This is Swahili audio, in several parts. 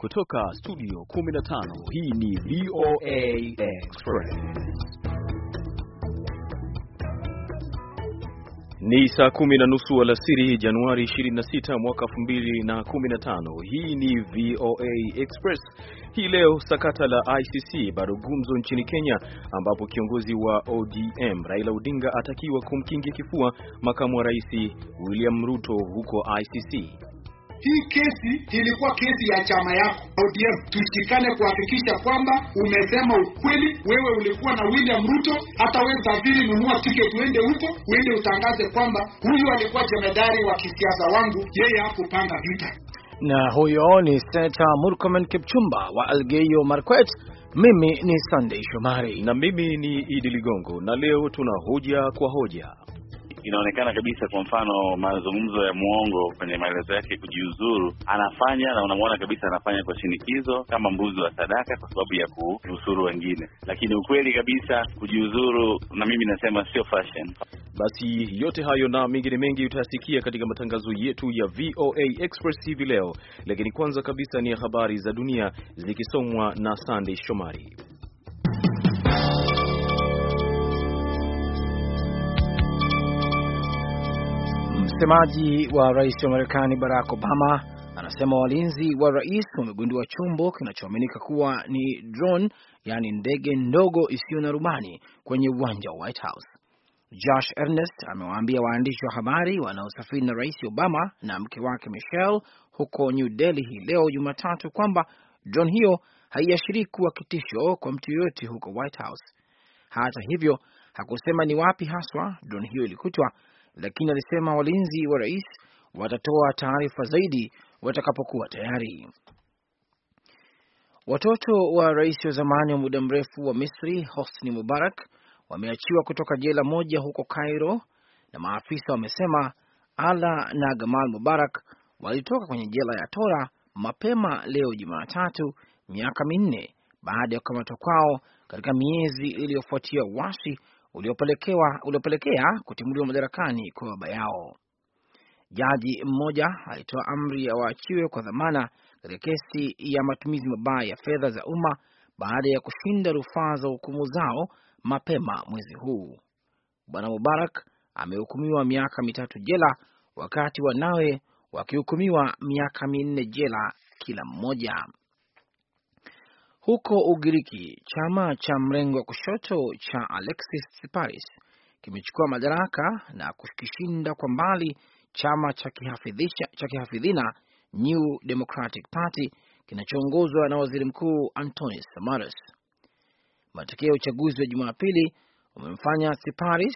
Kutoka studio 15 hii ni VOA Express. Ni saa kumi na nusu alasiri Januari 26 mwaka 2015. Hii ni VOA Express. Hii leo sakata la ICC bado gumzo nchini Kenya, ambapo kiongozi wa ODM Raila Odinga atakiwa kumkingia kifua makamu wa rais William Ruto huko ICC. Hii kesi ilikuwa kesi ya chama yako ODM. Tushikane kuhakikisha kwamba umesema ukweli. Wewe ulikuwa na William Ruto, hata wewe safiri nunua tiketi uende huko, uende utangaze kwamba huyu alikuwa jemedari wa kisiasa wangu, yeye hakupanga vita. Na huyo ni Senator Murkomen Kipchumba wa Elgeyo Marakwet. Mimi ni Sunday Shomari na mimi ni Idi Ligongo, na leo tuna hoja kwa hoja inaonekana kabisa. Kwa mfano, mazungumzo ya muongo kwenye maelezo yake kujiuzuru anafanya, na unamwona kabisa anafanya kwa shinikizo, kama mbuzi wa sadaka, kwa sababu ya kuusuru wengine, lakini ukweli kabisa kujiuzuru, na mimi nasema sio fashion. Basi yote hayo na mengine mengi utayasikia katika matangazo yetu ya VOA Express hivi leo, lakini kwanza kabisa ni habari za dunia zikisomwa na Sandey Shomari. Msemaji wa rais wa Marekani Barack Obama anasema walinzi wa rais wamegundua chombo kinachoaminika kuwa ni drone, yaani ndege ndogo isiyo na rubani kwenye uwanja wa White House. Josh Ernest amewaambia waandishi wa habari wanaosafiri na rais Obama na mke wake Michelle huko New Delhi hii leo Jumatatu kwamba drone hiyo haiashirii kuwa kitisho kwa mtu yoyote huko White House. Hata hivyo hakusema ni wapi haswa drone hiyo ilikutwa lakini alisema walinzi wa rais watatoa taarifa zaidi watakapokuwa tayari. Watoto wa rais wa zamani wa muda mrefu wa Misri Hosni Mubarak wameachiwa kutoka jela moja huko Cairo, na maafisa wamesema Ala na Gamal Mubarak walitoka kwenye jela ya Tora mapema leo Jumatatu, miaka minne baada ya kukamatwa kwao katika miezi iliyofuatia wasi uliopelekea kutimuliwa madarakani kwa baba yao. Jaji mmoja alitoa amri ya waachiwe kwa dhamana katika kesi ya matumizi mabaya ya fedha za umma baada ya kushinda rufaa za hukumu zao mapema mwezi huu. Bwana Mubarak amehukumiwa miaka mitatu jela wakati wanawe wakihukumiwa miaka minne jela kila mmoja. Huko Ugiriki, chama cha mrengo wa kushoto cha Alexis Tsiparis kimechukua madaraka na kukishinda kwa mbali chama cha kihafidhina New Democratic Party kinachoongozwa na waziri mkuu Antonis Samaras. Matokeo ya uchaguzi wa Jumapili umemfanya Tsiparis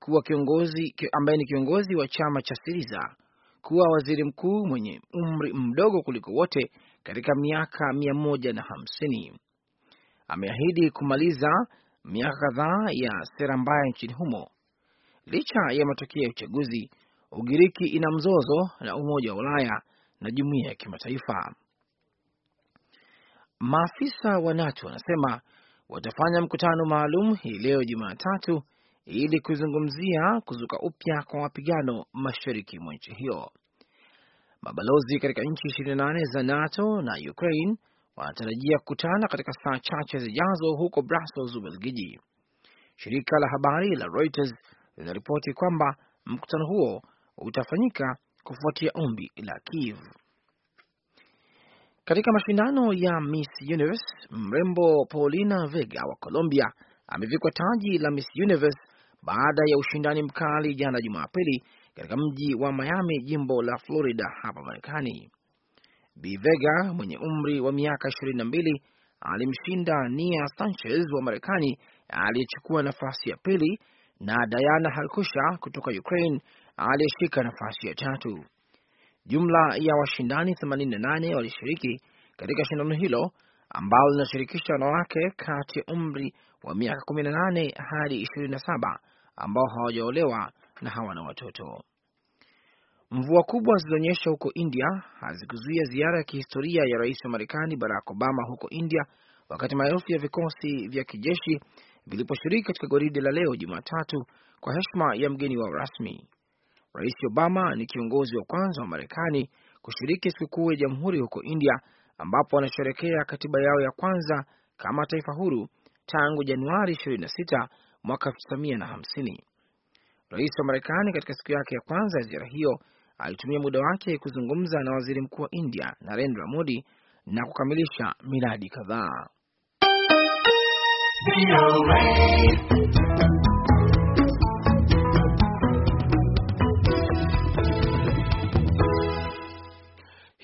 kuwa kiongozi ambaye ni kiongozi wa chama cha Siriza kuwa waziri mkuu mwenye umri mdogo kuliko wote katika miaka mia moja na hamsini. Ameahidi kumaliza miaka kadhaa ya sera mbaya nchini humo. Licha ya matokeo ya uchaguzi, Ugiriki ina mzozo na Umoja wa Ulaya na jumuiya ya kimataifa. Maafisa wa NATO wanasema watafanya mkutano maalum hii leo Jumatatu ili kuzungumzia kuzuka upya kwa mapigano mashariki mwa nchi hiyo. Mabalozi katika nchi 28 za NATO na Ukraine wanatarajia kukutana katika saa chache zijazo huko Brussels, Ubelgiji. Shirika la habari la Reuters linaripoti kwamba mkutano huo utafanyika kufuatia ombi la Kiev. Katika mashindano ya Miss Universe, mrembo Paulina Vega wa Colombia amevikwa taji la Miss Universe baada ya ushindani mkali jana Jumapili katika mji wa Miami, jimbo la Florida hapa Marekani. Bi Vega mwenye umri wa miaka 22 alimshinda Nia Sanchez wa Marekani aliyechukua nafasi ya pili na Diana Harkusha kutoka Ukraine aliyeshika nafasi ya tatu. Jumla ya washindani 88 walishiriki katika shindano hilo ambalo linashirikisha wanawake kati ya umri wa miaka 18 hadi 27 ambao hawajaolewa na hawana watoto. Mvua kubwa zilizonyesha huko India hazikuzuia ziara ya kihistoria ya rais wa Marekani Barack Obama huko India, wakati maelfu ya vikosi vya kijeshi viliposhiriki katika goride la leo Jumatatu kwa heshima ya mgeni wao rasmi. Rais Obama ni kiongozi wa kwanza wa Marekani kushiriki sikukuu ya jamhuri huko India, ambapo wanasherekea katiba yao ya kwanza kama taifa huru tangu Januari 26 mwaka 1950. Rais wa Marekani katika siku yake ya kwanza ya ziara hiyo alitumia muda wake kuzungumza na waziri mkuu wa India Narendra Modi na kukamilisha miradi kadhaa.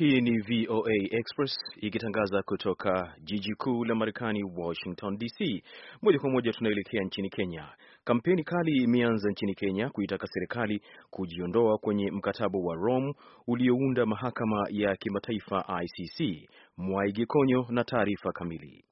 Hii ni VOA Express ikitangaza kutoka jiji kuu la Marekani, Washington DC. Moja kwa moja tunaelekea nchini Kenya. Kampeni kali imeanza nchini Kenya kuitaka serikali kujiondoa kwenye mkataba wa Rome uliounda mahakama ya kimataifa ICC. konyo na taarifa kamili.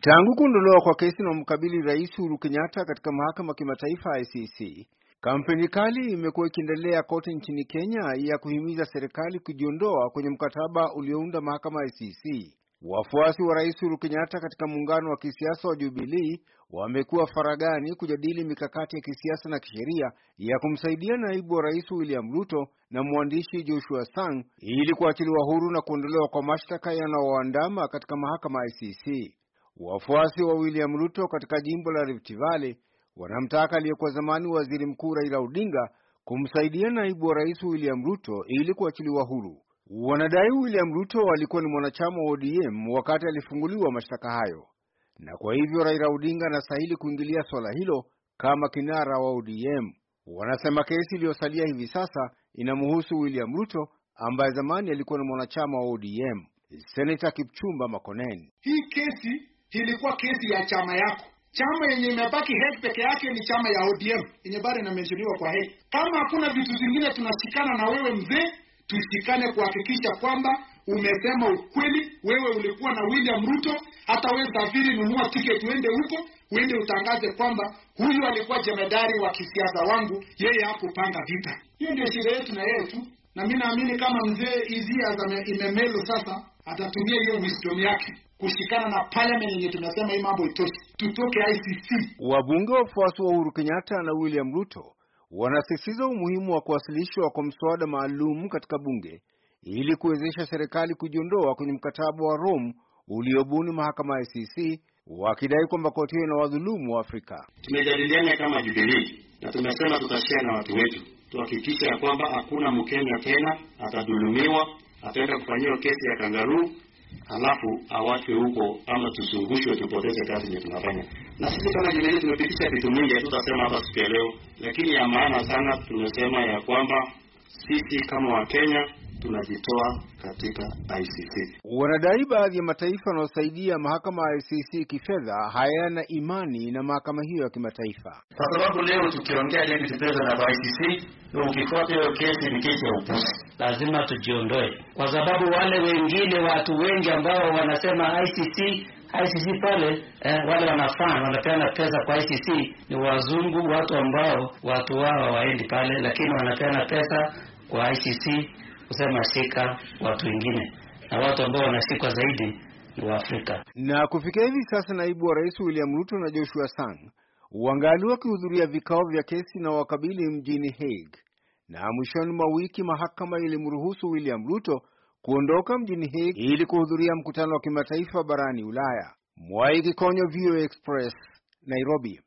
Tangu kuondolewa kwa kesi inayomkabili Rais Uhuru Kenyatta katika mahakama ya kimataifa ICC, Kampeni kali imekuwa ikiendelea kote nchini Kenya ya kuhimiza serikali kujiondoa kwenye mkataba uliounda mahakama ya ICC. Wafuasi wa Rais Uhuru Kenyatta katika muungano wa kisiasa wa Jubilii wamekuwa faragani kujadili mikakati ya kisiasa na kisheria ya kumsaidia naibu wa rais William Ruto na mwandishi Joshua Sang ili kuachiliwa huru na kuondolewa kwa mashtaka yanayoandama katika mahakama ICC. Wafuasi wa William Ruto katika jimbo la Rift Valley wanamtaka aliyekuwa zamani waziri mkuu Raila Odinga kumsaidia naibu wa rais William Ruto ili kuachiliwa huru. Wanadai William Ruto alikuwa ni mwanachama wa ODM wakati alifunguliwa mashtaka hayo, na kwa hivyo Raila Odinga anastahili kuingilia swala hilo kama kinara wa ODM. Wanasema kesi iliyosalia hivi sasa inamhusu William Ruto ambaye zamani alikuwa ni mwanachama wa ODM. Senata Kipchumba Makoneni, hii kesi ilikuwa kesi ya chama yako, Chama yenye imebaki hate peke yake ni chama ya ODM yenye bado inameshuriwa kwa hate. Kama hakuna vitu zingine, tunashikana na wewe mzee, tushikane kuhakikisha kwamba umesema ukweli. Wewe ulikuwa na William Ruto, hata wewe safiri, nunua tiketi uende huko, uende utangaze kwamba huyu alikuwa jemedari wa kisiasa wangu, yeye hakupanga vita. Hiyo ndio shida yetu na yeye tu, na mimi naamini kama mzee Izia imemelo sasa, atatumia hiyo wisdom yake kushikana na parliament yenye tunasema hii mambo itoshi, tutoke ICC. Wabunge wafuasi wa Uhuru Kenyatta na William Ruto wanasisitiza umuhimu wa kuwasilishwa kwa mswada maalum katika bunge ili kuwezesha serikali kujiondoa kwenye mkataba wa Rome uliobuni mahakama ya ICC, wakidai kwamba koti hiyo inawadhulumu wa Afrika. Tumejadiliana kama Jubilee na tumesema tutashia na watu wetu, tuhakikisha ya kwamba hakuna Mkenya tena atadhulumiwa, ataenda kufanyiwa kesi ya kangaruu halafu awachwe huko ama tusungushwe tupoteze kazi yenye tunafanya. Na sisi kama jamii tumepitisha vitu mingi, hatutasema hapa siku ya leo, lakini ya maana sana tumesema ya kwamba sisi kama Wakenya tunajitoa katika ICC. Wanadai baadhi ya mataifa yanayosaidia mahakama ya ICC kifedha hayana imani na mahakama hiyo ya kimataifa, kwa sababu leo tukiongea hivi tutaweza na ICC, ukifuata hiyo kesi ni kesi ya upuzi. Lazima tujiondoe, kwa sababu wale wengine, watu wengi ambao wanasema ICC ICC pale eh, wale wanafaa wanapeana pesa kwa ICC ni wazungu, watu ambao watu wao hawaendi pale, lakini wanapeana pesa kwa ICC kusema shika watu wengine, na watu ambao wanashikwa zaidi ni Waafrika. Na kufikia hivi sasa, naibu wa rais William Ruto na Joshua Sang wangali wakihudhuria vikao vya kesi na wakabili mjini Hague, na mwishoni mwa wiki mahakama ilimruhusu William Ruto kuondoka mjini Hague ili kuhudhuria mkutano wa kimataifa barani Ulaya. Mwai Kikonyo, VOA Express, Nairobi.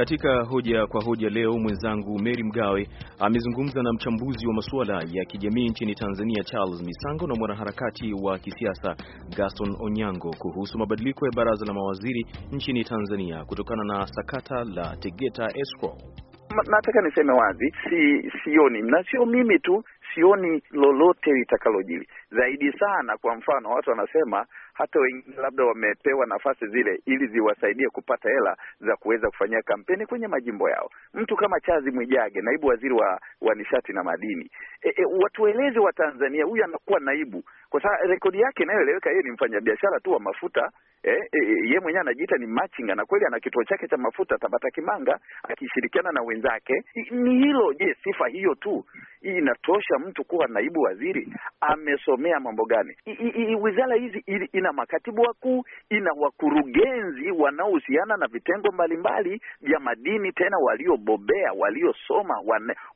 Katika hoja kwa hoja leo, mwenzangu Mary Mgawe amezungumza na mchambuzi wa masuala ya kijamii nchini Tanzania Charles Misango na mwanaharakati wa kisiasa Gaston Onyango kuhusu mabadiliko ya baraza la mawaziri nchini Tanzania kutokana na sakata la Tegeta Escrow. Nataka niseme wazi, si sioni na sio mimi tu, sioni lolote litakalojili zaidi sana. Kwa mfano, watu wanasema hata wengine labda wamepewa nafasi zile ili ziwasaidie kupata hela za kuweza kufanyia kampeni kwenye majimbo yao. Mtu kama Chazi Mwijage, naibu waziri wa, wa nishati na madini e, e, watueleze Watanzania huyu anakuwa naibu, kwa sababu rekodi yake inayoeleweka, yeye ni mfanyabiashara tu wa mafuta Eh, eh, eh, ye mwenyewe anajiita ni machinga na kweli ana kituo chake cha mafuta Tabata Kimanga akishirikiana na wenzake. Ni hilo je, sifa hiyo tu inatosha mtu kuwa naibu waziri? Amesomea mambo gani? Wizara hizi ina makatibu wakuu, ina wakurugenzi wanaohusiana na vitengo mbalimbali vya madini, tena waliobobea, waliosoma,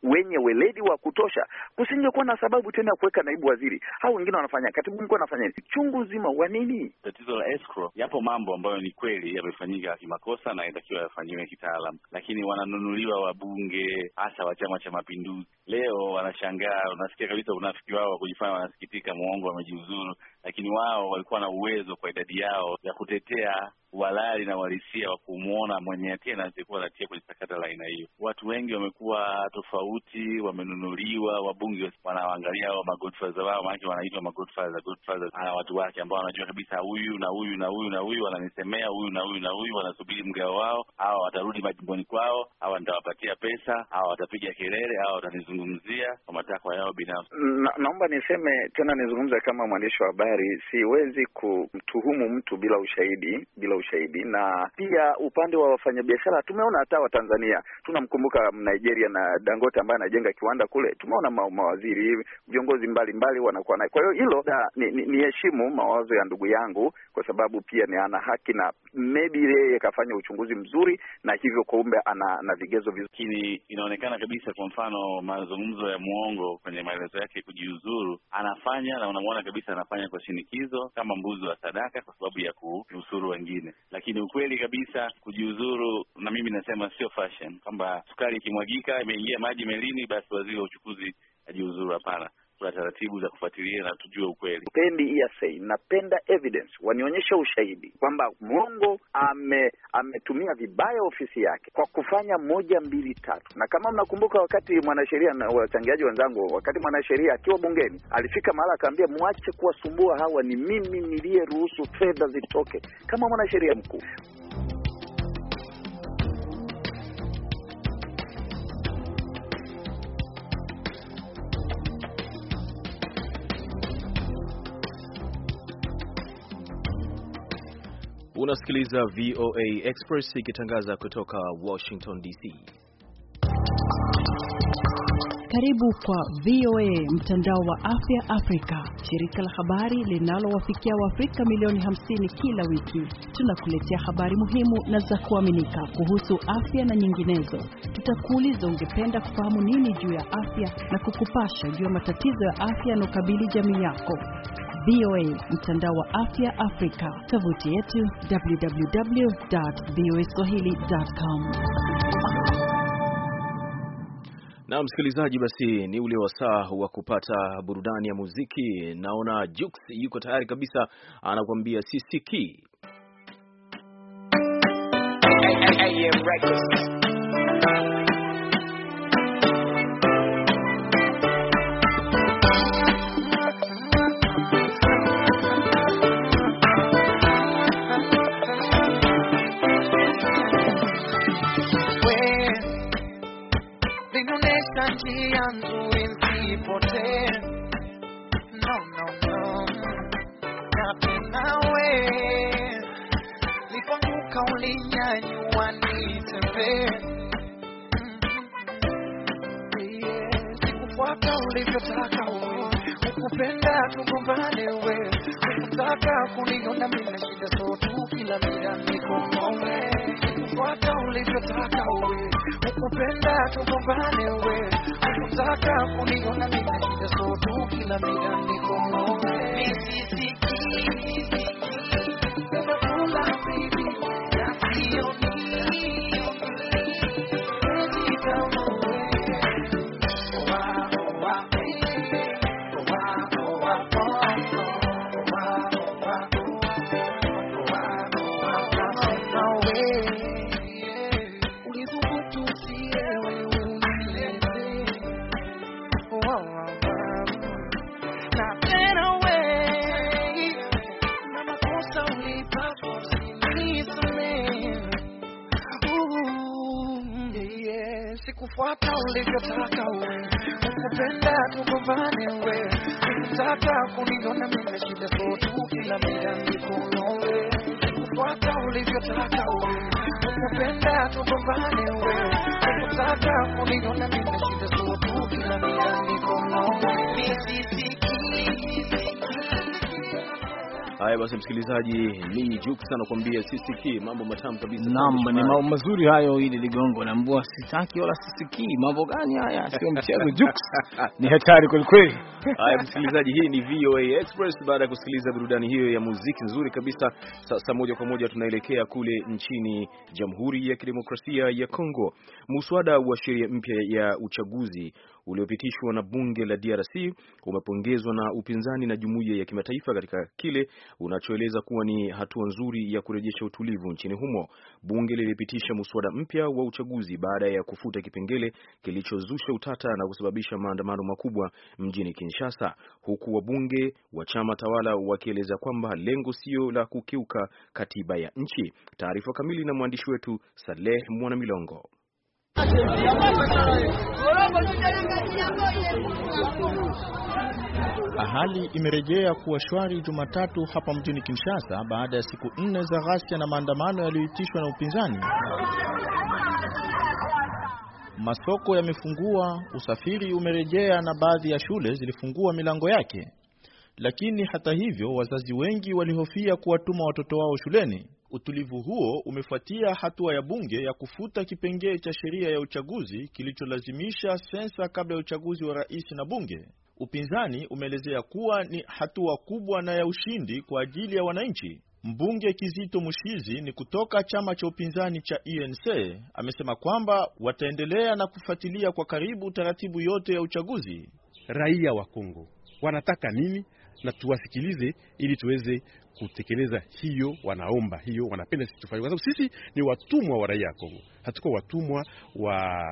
wenye weledi wa kutosha. Kusingekuwa na sababu tena ya kuweka naibu waziri. Hao wengine wanafanya, katibu mkuu anafanya nini? Chungu zima wa nini? Tatizo la escrow Yapo mambo ambayo ni kweli yamefanyika kimakosa na inatakiwa yafanyiwe kitaalam, lakini wananunuliwa wabunge hasa wa Chama cha Mapinduzi. Leo wanashangaa, unasikia kabisa unafiki wao wa kujifanya wanasikitika, muongo amejiuzuru wa lakini wao walikuwa na uwezo kwa idadi yao ya kutetea walali na walisia wa kumwona mwenye hatia na asiyekuwa na hatia kwenye sakata la aina hiyo. Watu wengi wamekuwa tofauti, wamenunuliwa. Wabunge wanaangalia hao magodfaza wao, maanake wanaitwa magodfaza, hawa watu wake ambao wanajua kabisa huyu na huyu na huyu na huyu wananisemea, huyu na huyu na huyu, wanasubiri mgao wao. Hawa watarudi majimboni kwao, hawa nitawapatia pesa, hawa watapiga kelele, hawa watanizungumzia kwa matakwa yao binafsi. naomba niseme tena, nizungumze kama mwandishi wa habari tayari siwezi kumtuhumu mtu bila ushahidi, bila ushahidi. Na pia upande wa wafanyabiashara tumeona hata Watanzania, tunamkumbuka Nigeria na Dangote ambaye anajenga kiwanda kule, tumeona ma mawaziri, viongozi mbalimbali wanakuwa naye. Kwa hiyo hilo niheshimu ni, ni mawazo ya ndugu yangu, kwa sababu pia ni ana haki na maybe yeye kafanya uchunguzi mzuri, na hivyo kumbe ana na vigezo vizuri. inaonekana kabisa, kwa mfano mazungumzo ya muongo kwenye maelezo yake kujiuzuru anafanya, na unamwona kabisa anafanya kwa shinikizo kama mbuzi wa sadaka kwa sababu ya kunusuru wengine, lakini ukweli kabisa kujiuzuru, na mimi nasema sio fashion, kwamba sukari ikimwagika imeingia maji melini, basi waziri wa uchukuzi ajiuzuru. Hapana kuna taratibu za kufuatilia na tujue ukweli. Pendi hearsay, napenda evidence, wanionyeshe ushahidi kwamba Mongo ame- ametumia vibaya ofisi yake kwa kufanya moja mbili tatu. Na kama mnakumbuka, wakati mwanasheria na wachangiaji wenzangu, wakati mwanasheria akiwa bungeni alifika mahala akaambia, mwache kuwasumbua hawa, ni mimi niliyeruhusu fedha zitoke kama mwanasheria mkuu. Unasikiliza VOA Express ikitangaza kutoka Washington DC. Karibu kwa VOA mtandao wa afya Afrika, shirika la habari linalowafikia Waafrika milioni 50 kila wiki. Tunakuletea habari muhimu na za kuaminika kuhusu afya na nyinginezo. Tutakuuliza ungependa kufahamu nini juu ya afya na kukupasha juu ya matatizo ya afya yanayokabili jamii yako. VOA, mtandao wa afya Afrika, tovuti yetu www.voaswahili.com. Na msikilizaji, basi ni ule wasaa wa kupata burudani ya muziki. Naona Jux yuko tayari kabisa, anakuambia sisiki hey, hey, hey, yeah, you Haya basi, msikilizaji, ni Juksa nakwambia sisikii mambo matamu kabisa. Naam, ni mambo mazuri hayo, ili ligongo na mbwa sitaki wala sisikii. Mambo gani haya? Sio mchezo Juksa, ni hatari kweli kweli. Haya msikilizaji, hii ni VOA Express. Baada ya kusikiliza burudani hiyo ya muziki nzuri kabisa, sasa moja kwa moja tunaelekea kule nchini Jamhuri ya Kidemokrasia ya Kongo. Muswada wa sheria mpya ya uchaguzi uliopitishwa na bunge la DRC umepongezwa na upinzani na jumuiya ya kimataifa katika kile unachoeleza kuwa ni hatua nzuri ya kurejesha utulivu nchini humo. Bunge lilipitisha muswada mpya wa uchaguzi baada ya kufuta kipengele kilichozusha utata na kusababisha maandamano makubwa mjini Kinshasa, huku wabunge wa chama tawala wakieleza kwamba lengo sio la kukiuka katiba ya nchi. Taarifa kamili na mwandishi wetu Saleh Mwanamilongo. Hali imerejea kuwa shwari Jumatatu hapa mjini Kinshasa baada ya siku nne za ghasia na maandamano yaliyoitishwa na upinzani. Masoko yamefungua, usafiri umerejea na baadhi ya shule zilifungua milango yake. Lakini hata hivyo, wazazi wengi walihofia kuwatuma watoto wao shuleni. Utulivu huo umefuatia hatua ya bunge ya kufuta kipengee cha sheria ya uchaguzi kilicholazimisha sensa kabla ya uchaguzi wa rais na bunge. Upinzani umeelezea kuwa ni hatua kubwa na ya ushindi kwa ajili ya wananchi. Mbunge Kizito Mushizi ni kutoka chama cha upinzani cha UNC e amesema kwamba wataendelea na kufuatilia kwa karibu taratibu yote ya uchaguzi. Raia wa Kongo wanataka nini? na tuwasikilize ili tuweze kutekeleza hiyo wanaomba, hiyo wanapenda sisi tufanye, kwa sababu sisi ni watumwa wa raia ya Kongo, hatuko watumwa wa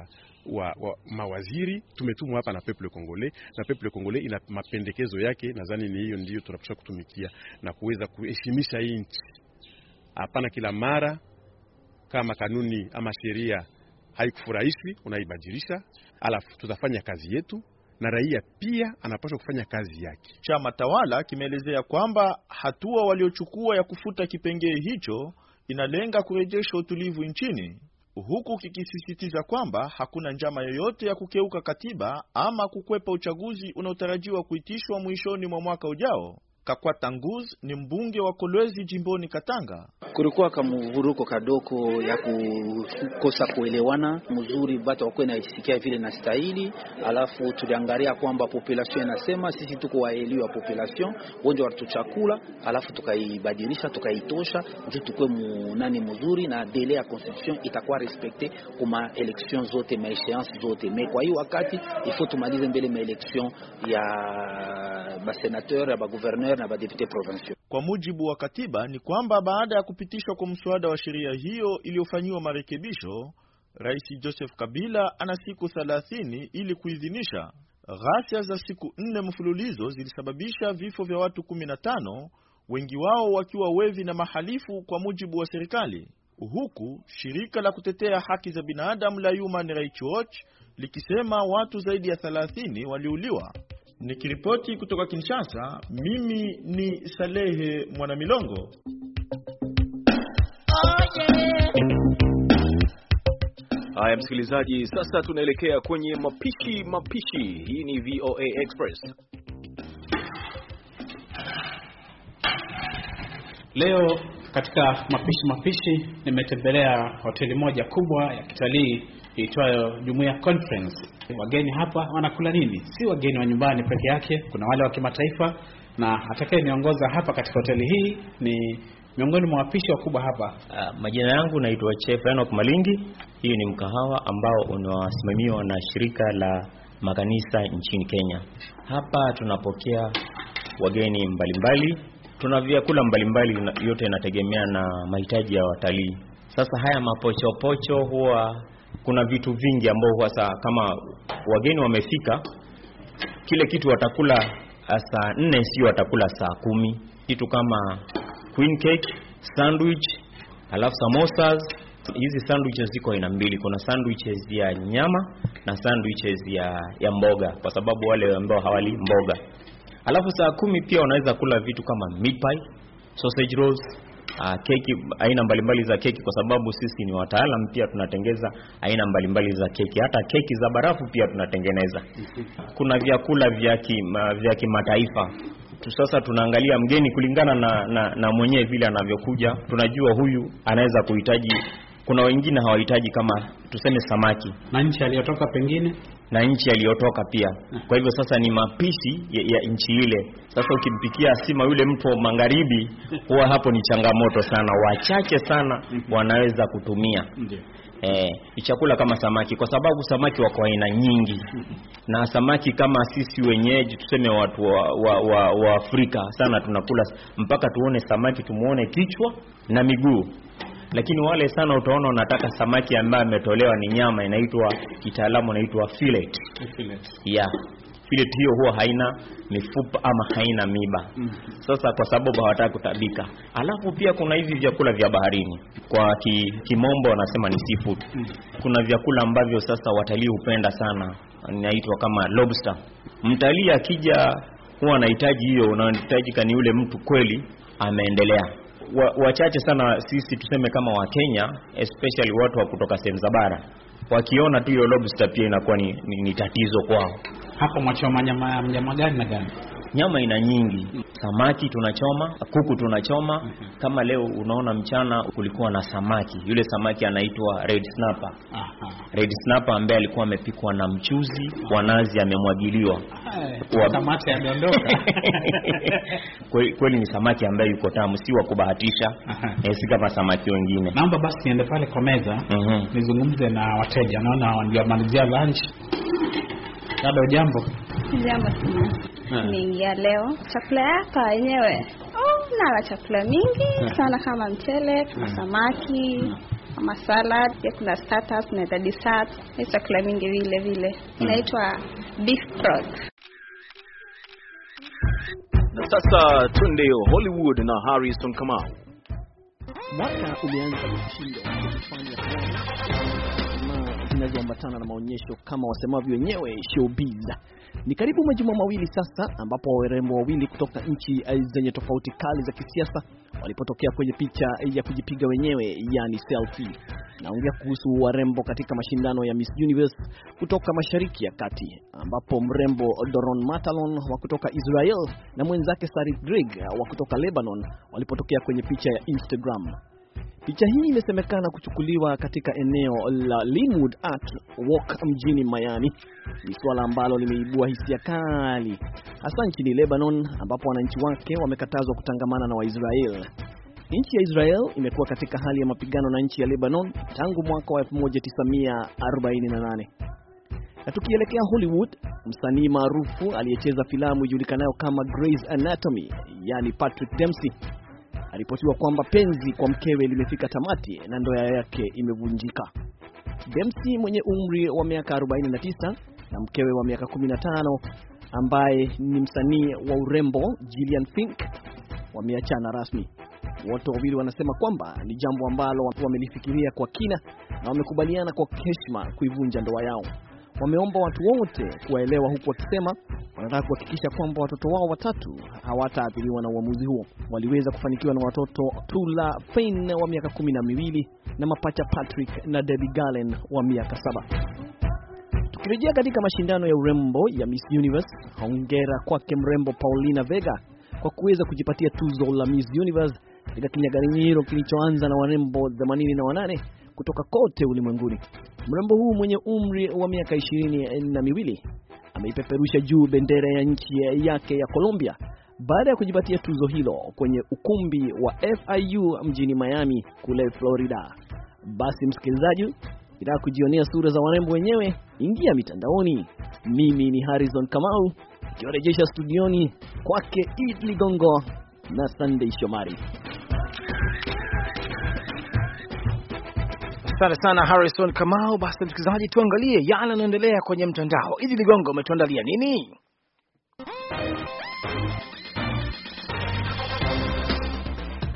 wa, wa mawaziri. Tumetumwa hapa na peple Kongole, na peple Kongole ina mapendekezo yake. Nadhani ni hiyo ndiyo tunapaswa kutumikia na kuweza kuheshimisha nchi. Hapana kila mara kama kanuni ama sheria haikufurahishi unaibadilisha, alafu tutafanya kazi yetu na raia pia anapaswa kufanya kazi yake. Chama tawala kimeelezea kwamba hatua waliochukua ya kufuta kipengee hicho inalenga kurejesha utulivu nchini, huku kikisisitiza kwamba hakuna njama yoyote ya kukeuka katiba ama kukwepa uchaguzi unaotarajiwa kuitishwa mwishoni mwa mwaka ujao. Kakwata Nguz ni mbunge wa Kolwezi jimboni Katanga. Kulikuwa kamvuruko kadoko ya kukosa kuelewana mzuri, bata wakuwe naisikia vile na stahili. Alafu tuliangalia kwamba population inasema sisi tuko waeliwa population wonje watuchakula, alafu tukaibadilisha tukaitosha juu tukwe munani mzuri na dele ya constitution itakuwa respecte kuma election zote maesheanse zote me. Kwa hiyo wakati ifo tumalize mbele maelection ya basenateur ya bagouverneur gouverneur na badepute provinciaux. Kwa mujibu wa katiba ni kwamba baada ya kupitishwa kwa mswada wa sheria hiyo iliyofanyiwa marekebisho, Rais Joseph Kabila ana siku 30 ili kuidhinisha. Ghasia za siku nne mfululizo zilisababisha vifo vya watu 15, wengi wao wakiwa wevi na mahalifu, kwa mujibu wa serikali, huku shirika la kutetea haki za binadamu la Human Rights Watch likisema watu zaidi ya 30 waliuliwa. Nikiripoti kutoka Kinshasa, mimi ni Salehe Mwanamilongo. Haya, msikilizaji, sasa tunaelekea kwenye mapishi mapishi. Hii ni VOA Express. Leo katika mapishi mapishi nimetembelea hoteli moja kubwa ya kitalii iitwayo Jumuiya Conference. Wageni hapa wanakula nini? Si wageni wa nyumbani peke yake, kuna wale wa kimataifa, na atakayeniongoza hapa katika hoteli hii ni miongoni mwa wapishi wakubwa hapa. Uh, majina yangu naitwa Chef Enoch Malingi. Hiyo ni mkahawa ambao unawasimamiwa na shirika la makanisa nchini Kenya. Hapa tunapokea wageni mbalimbali, tuna vyakula mbalimbali, yote inategemea na mahitaji ya watalii. Sasa haya mapochopocho huwa kuna vitu vingi ambao hasa kama wageni wamefika, kile kitu watakula ah, saa nne sio watakula saa kumi, kitu kama queen cake, sandwich, alafu samosas. Hizi sandwiches ziko aina mbili, kuna sandwiches ya nyama na sandwiches ya, ya mboga, kwa sababu wale ambao hawali mboga. Alafu saa kumi pia wanaweza kula vitu kama meat pie, sausage rolls uh, keki aina mbalimbali za keki, kwa sababu sisi ni wataalam pia tunatengeza aina mbalimbali za keki, hata keki za barafu pia tunatengeneza. Kuna vyakula vya vya kimataifa sasa tunaangalia mgeni kulingana na, na, na mwenyewe vile anavyokuja. Tunajua huyu anaweza kuhitaji kuna wengine hawahitaji kama tuseme samaki na nchi aliyotoka pengine na nchi aliyotoka pia. Eh. Kwa hivyo sasa ni mapishi ya, ya nchi ile. Sasa ukimpikia sima yule mtu wa magharibi, huwa hapo ni changamoto sana, wachache sana mhm. wanaweza kutumia eh, chakula kama samaki, kwa sababu samaki wako aina nyingi, na samaki kama sisi wenyeji tuseme watu wa, wa, wa, wa Afrika sana tunakula mpaka tuone samaki, tumuone kichwa na miguu lakini wale sana utaona wanataka samaki ambaye ametolewa ni nyama, inaitwa kitaalamu inaitwa fillet. Fillet. Yeah. Fillet hiyo huwa haina mifupa ama haina miba. Mm. Sasa kwa sababu hawataka kutabika. Alafu pia kuna hivi vyakula vya baharini kwa kimombo ki wanasema ni seafood. Mm. Kuna vyakula ambavyo sasa watalii hupenda sana, inaitwa kama lobster. Mtalii akija huwa anahitaji hiyo, unahitajika ni yule mtu kweli ameendelea wachache wa sana sisi tuseme kama wa kenya especially watu wa kutoka sehemu za bara wakiona tu hiyo lobster pia inakuwa ni, ni, ni tatizo kwao. Hapo mwachoma nyama, nyama gani na gani? nyama ina nyingi, samaki tunachoma, kuku tunachoma. Kama leo unaona mchana kulikuwa na samaki, yule samaki anaitwa red snapper. Red snapper ambaye alikuwa amepikwa na mchuzi wa nazi, amemwagiliwa eh, samaki, ameondoka kweli ni samaki ambaye yuko tamu, si wa kubahatisha, eh, si kama samaki wengine. Naomba basi niende pale kwa meza, mhm. nizungumze na wateja, naona ndio lunch Labda ujambo. Jambo sana. Nimeingia leo. Chakula hapa yenyewe. Oh, nala chakula mingi sana kama mchele, kama samaki, kama salad, pia kuna starters, kuna desserts. Ni chakula mingi vile vile. Inaitwa beef broth. Na sasa tunde Hollywood na Harrison Kamau. Mwaka ulianza kushinda kufanya zinazoambatana na maonyesho kama wasemavyo wenyewe showbiz. Ni karibu majuma mawili sasa ambapo warembo wawili kutoka nchi eh, zenye tofauti kali za kisiasa walipotokea kwenye picha ya kujipiga wenyewe, yani selfie. Naongea kuhusu warembo katika mashindano ya Miss Universe kutoka Mashariki ya Kati ambapo mrembo Doron Matalon wa kutoka Israel na mwenzake Sarit Greg wa kutoka Lebanon walipotokea kwenye picha ya Instagram. Picha hii imesemekana kuchukuliwa katika eneo la Linwood Art Walk mjini Miami. Ni suala ambalo limeibua hisia kali hasa nchini Lebanon ambapo wananchi wake wamekatazwa kutangamana na Waisrael. Nchi ya Israel imekuwa katika hali ya mapigano na nchi ya Lebanon tangu mwaka wa 1948. Na tukielekea Hollywood, msanii maarufu aliyecheza filamu ijulikanayo kama Grey's Anatomy, yani Patrick Dempsey inaripotiwa kwamba penzi kwa mkewe limefika tamati na ndoa yake imevunjika. demsi mwenye umri wa miaka 49 na mkewe wa miaka 15 ambaye ni msanii wa urembo Gillian Fink wameachana rasmi. Wote wawili wanasema kwamba ni jambo ambalo wamelifikiria kwa kina na wamekubaliana kwa heshima kuivunja ndoa yao wameomba watu wote kuwaelewa, huku wakisema wanataka kuhakikisha kwamba watoto wao watatu hawataathiriwa na uamuzi huo. Waliweza kufanikiwa na watoto Tula Fein wa miaka kumi na miwili na mapacha Patrick na Debbie Galen wa miaka saba. Tukirejea katika mashindano ya urembo ya Miss Universe, hongera kwake mrembo Paulina Vega kwa kuweza kujipatia tuzo la Miss Universe katika kinyaganyiro kilichoanza na warembo 88 kutoka kote ulimwenguni. Mrembo huu mwenye umri wa miaka ishirini na miwili ameipeperusha juu bendera ya nchi yake ya Colombia baada ya kujipatia tuzo hilo kwenye ukumbi wa FIU mjini Miami kule Florida. Basi msikilizaji, ila kujionea sura za warembo wenyewe, ingia mitandaoni. Mimi ni Harrison Kamau ikiwarejesha studioni kwake Idli Gongo na Sunday Shomari. Asante sana Harrison Kamau. Basi msikilizaji, tuangalie yale yanaendelea kwenye mtandao. Idi Ligongo, umetuandalia nini?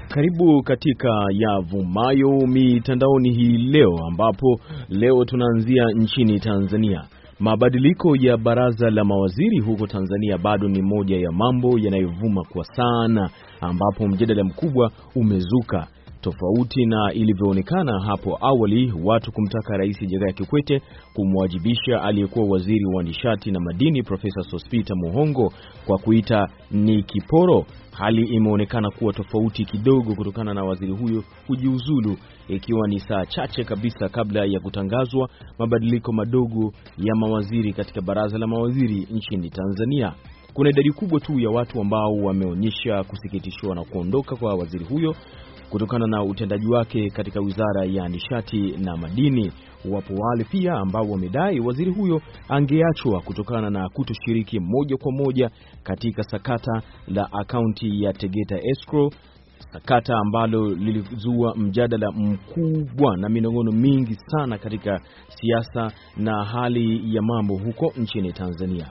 Karibu katika yavumayo mitandaoni hii leo, ambapo leo tunaanzia nchini Tanzania. Mabadiliko ya baraza la mawaziri huko Tanzania bado ni moja ya mambo yanayovuma kwa sana, ambapo mjadala mkubwa umezuka tofauti na ilivyoonekana hapo awali, watu kumtaka Rais Jakaya Kikwete kumwajibisha aliyekuwa waziri wa nishati na madini Profesa sospita Muhongo kwa kuita ni kiporo. Hali imeonekana kuwa tofauti kidogo kutokana na waziri huyo kujiuzulu, ikiwa ni saa chache kabisa kabla ya kutangazwa mabadiliko madogo ya mawaziri katika baraza la mawaziri nchini Tanzania. Kuna idadi kubwa tu ya watu ambao wameonyesha kusikitishwa na kuondoka kwa waziri huyo kutokana na utendaji wake katika wizara ya nishati na madini. Wapo wale pia ambao wamedai waziri huyo angeachwa kutokana na kutoshiriki moja kwa moja katika sakata la akaunti ya Tegeta Escrow, sakata ambalo lilizua mjadala mkubwa na minong'ono mingi sana katika siasa na hali ya mambo huko nchini Tanzania.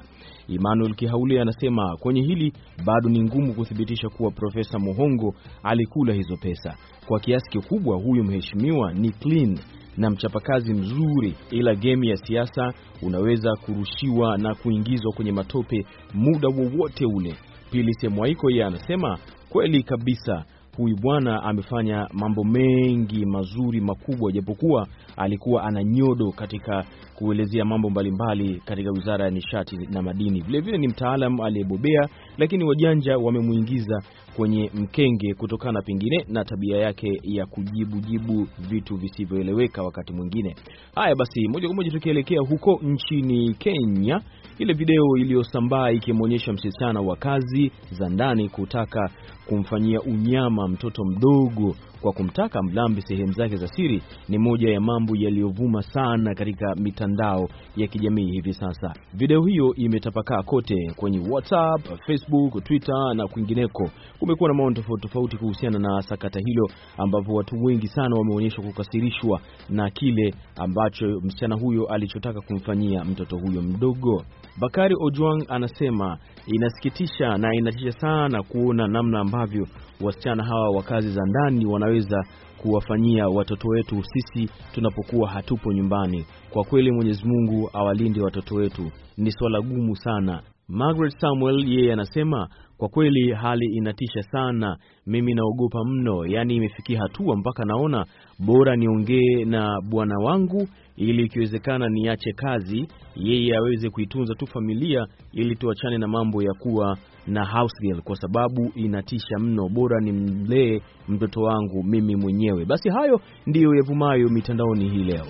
Emmanuel Kihaule anasema kwenye hili bado ni ngumu kuthibitisha kuwa Profesa Muhongo alikula hizo pesa. Kwa kiasi kikubwa huyu mheshimiwa ni clean na mchapakazi mzuri, ila gemi ya siasa unaweza kurushiwa na kuingizwa kwenye matope muda wowote ule. Pili Semwaiko yeye anasema kweli kabisa, huyu bwana amefanya mambo mengi mazuri makubwa, japokuwa alikuwa ana nyodo katika kuelezea mambo mbalimbali katika wizara ya nishati na madini. Vilevile ni mtaalam aliyebobea, lakini wajanja wamemwingiza kwenye mkenge kutokana pengine na tabia yake ya kujibujibu vitu visivyoeleweka wakati mwingine. Haya basi, moja kwa moja tukielekea huko nchini Kenya, ile video iliyosambaa ikimwonyesha msichana wa kazi za ndani kutaka kumfanyia unyama mtoto mdogo kwa kumtaka Mlambi sehemu zake za siri ni moja ya mambo yaliyovuma sana katika mitandao ya kijamii hivi sasa. Video hiyo imetapakaa kote kwenye WhatsApp, Facebook, Twitter na kwingineko. Kumekuwa na maoni tofauti tofauti kuhusiana na sakata hilo, ambapo watu wengi sana wameonyeshwa kukasirishwa na kile ambacho msichana huyo alichotaka kumfanyia mtoto huyo mdogo. Bakari Ojwang anasema Inasikitisha na inatisha sana kuona namna ambavyo wasichana hawa wa kazi za ndani wanaweza kuwafanyia watoto wetu sisi tunapokuwa hatupo nyumbani. Kwa kweli, Mwenyezi Mungu awalinde watoto wetu, ni swala gumu sana. Margaret Samuel yeye anasema kwa kweli hali inatisha sana, mimi naogopa mno. Yaani imefikia hatua mpaka naona bora niongee na bwana wangu, ili ikiwezekana niache kazi, yeye aweze kuitunza tu familia, ili tuachane na mambo ya kuwa na house girl, kwa sababu inatisha mno. Bora nimlee mtoto wangu mimi mwenyewe. Basi hayo ndiyo yavumayo mitandaoni hii leo.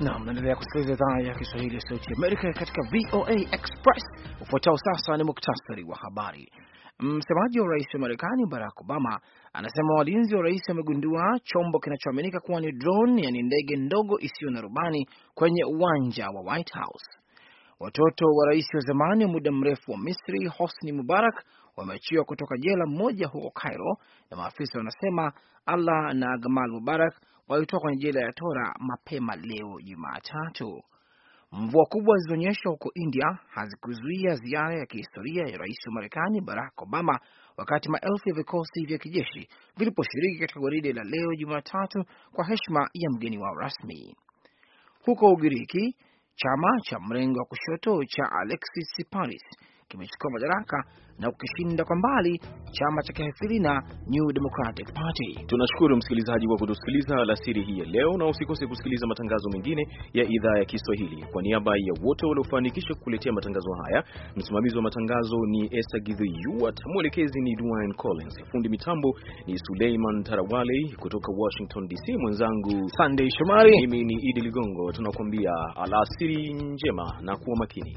na mnaendelea kusikiliza idhaa ya Kiswahili ya Sauti Amerika katika VOA Express. Ufuatao sasa ni muktasari wa habari. Msemaji wa rais wa Marekani Barack Obama anasema walinzi wa rais wamegundua chombo kinachoaminika kuwa ni drone, yani ndege ndogo isiyo na rubani kwenye uwanja wa White House. Watoto wa rais wa zamani wa muda mrefu wa Misri Hosni Mubarak wameachiwa kutoka jela mmoja huko Cairo, na maafisa wanasema Allah na Gamal Mubarak walitoka kwenye jela ya Tora mapema leo Jumatatu. Mvua kubwa zilizonyesha huko India hazikuzuia ziara ya kihistoria ya rais wa Marekani Barack Obama, wakati maelfu ya vikosi vya kijeshi viliposhiriki katika gwaride la leo Jumatatu kwa heshima ya mgeni wao rasmi. Huko Ugiriki, chama cha mrengo wa kushoto cha Alexis Siparis kimechukua madaraka na ukishinda kwa mbali chama cha kihafidhina New Democratic Party. Tunashukuru msikilizaji kwa kutusikiliza alasiri hii ya leo, na usikose kusikiliza matangazo mengine ya idhaa ya Kiswahili. Kwa niaba ya wote waliofanikisha kukuletea matangazo haya, msimamizi wa matangazo ni Esther Yuat, mwelekezi ni Dwayne Collins, fundi mitambo ni Suleiman Tarawale kutoka Washington DC, mwenzangu Sunday Shomari, mimi ni Idi Ligongo, tunakuambia alasiri njema na kuwa makini.